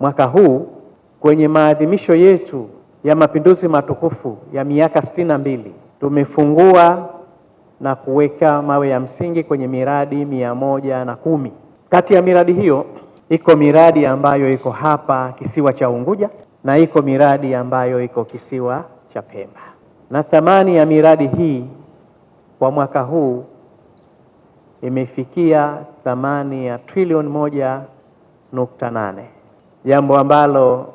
mwaka huu kwenye maadhimisho yetu ya mapinduzi matukufu ya miaka sitini na mbili tumefungua na kuweka mawe ya msingi kwenye miradi mia moja na kumi. Kati ya miradi hiyo iko miradi ambayo iko hapa kisiwa cha Unguja na iko miradi ambayo iko kisiwa cha Pemba, na thamani ya miradi hii kwa mwaka huu imefikia thamani ya trilioni moja nukta nane jambo ambalo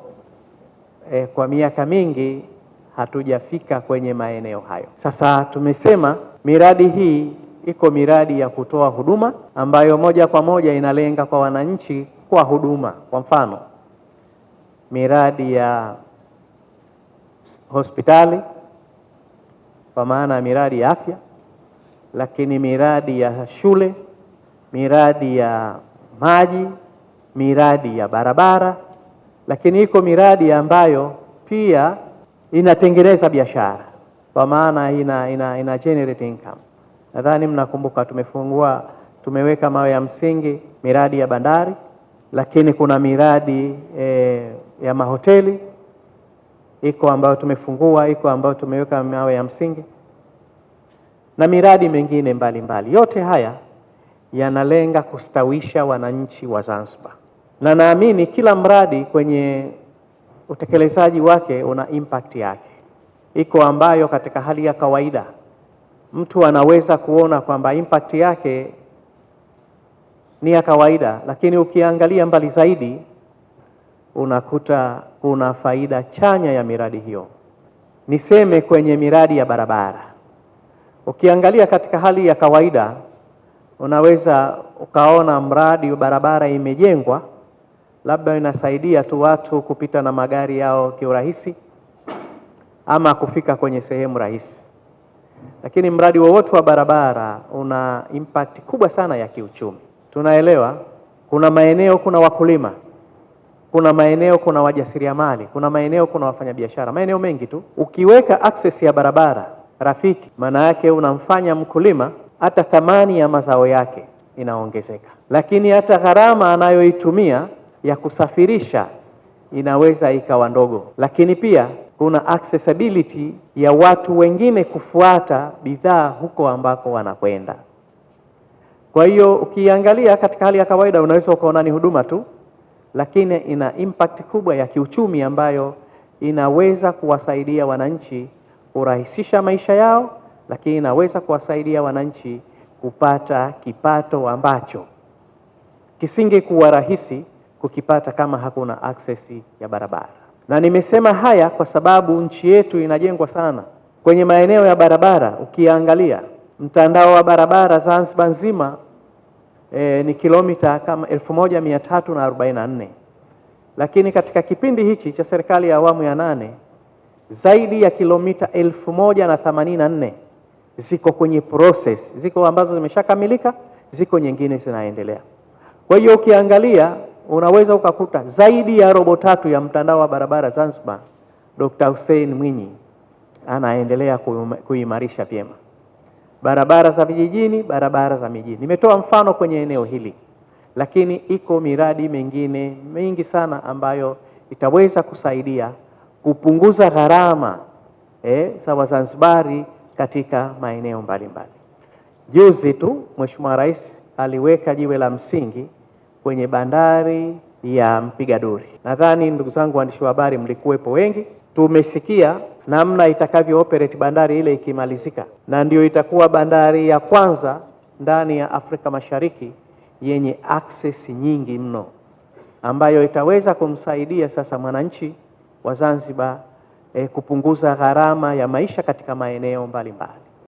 eh, kwa miaka mingi hatujafika kwenye maeneo hayo. Sasa tumesema miradi hii iko miradi ya kutoa huduma ambayo moja kwa moja inalenga kwa wananchi kwa huduma, kwa mfano miradi ya hospitali kwa maana ya miradi ya afya, lakini miradi ya shule, miradi ya maji miradi ya barabara, lakini iko miradi ambayo pia inatengeneza biashara kwa maana ina, ina, ina generate income. Nadhani mnakumbuka tumefungua tumeweka mawe ya msingi miradi ya bandari, lakini kuna miradi eh, ya mahoteli iko ambayo tumefungua, iko ambayo tumeweka mawe ya msingi na miradi mingine mbalimbali mbali. Yote haya yanalenga kustawisha wananchi wa Zanzibar na naamini kila mradi kwenye utekelezaji wake una impact yake. Iko ambayo katika hali ya kawaida mtu anaweza kuona kwamba impact yake ni ya kawaida, lakini ukiangalia mbali zaidi unakuta kuna faida chanya ya miradi hiyo. Niseme kwenye miradi ya barabara, ukiangalia katika hali ya kawaida unaweza ukaona mradi wa barabara imejengwa labda inasaidia tu watu kupita na magari yao kiurahisi ama kufika kwenye sehemu rahisi, lakini mradi wowote wa, barabara una impact kubwa sana ya kiuchumi. Tunaelewa kuna maeneo kuna wakulima, kuna maeneo kuna wajasiriamali, kuna maeneo kuna wafanyabiashara, maeneo mengi tu. Ukiweka access ya barabara rafiki, maana yake unamfanya mkulima hata thamani ya mazao yake inaongezeka, lakini hata gharama anayoitumia ya kusafirisha inaweza ikawa ndogo, lakini pia kuna accessibility ya watu wengine kufuata bidhaa huko ambako wanakwenda. Kwa hiyo ukiangalia katika hali ya kawaida unaweza ukaona ni huduma tu, lakini ina impact kubwa ya kiuchumi ambayo inaweza kuwasaidia wananchi kurahisisha maisha yao, lakini inaweza kuwasaidia wananchi kupata kipato ambacho kisingekuwa rahisi kukipata kama hakuna access ya barabara. Na nimesema haya kwa sababu nchi yetu inajengwa sana kwenye maeneo ya barabara. Ukiangalia mtandao wa barabara Zanzibar nzima e, ni kilomita kama 1344 lakini katika kipindi hichi cha serikali ya awamu ya nane zaidi ya kilomita elfu moja na themanini na nne ziko kwenye process, ziko ambazo zimeshakamilika, ziko nyingine zinaendelea. Kwa hiyo ukiangalia unaweza ukakuta zaidi ya robo tatu ya mtandao wa barabara Zanzibar, Dr. Hussein Mwinyi anaendelea kuimarisha vyema barabara za vijijini, barabara za mijini. Nimetoa mfano kwenye eneo hili, lakini iko miradi mingine mingi sana ambayo itaweza kusaidia kupunguza gharama eh, za Wazanzibari katika maeneo mbalimbali. Juzi tu Mheshimiwa Rais aliweka jiwe la msingi kwenye bandari ya mpiga duri Nadhani ndugu zangu waandishi wa habari, mlikuwepo wengi, tumesikia namna itakavyo operate bandari ile ikimalizika, na ndiyo itakuwa bandari ya kwanza ndani ya Afrika Mashariki yenye access nyingi mno, ambayo itaweza kumsaidia sasa mwananchi wa Zanzibar eh, kupunguza gharama ya maisha katika maeneo mbalimbali.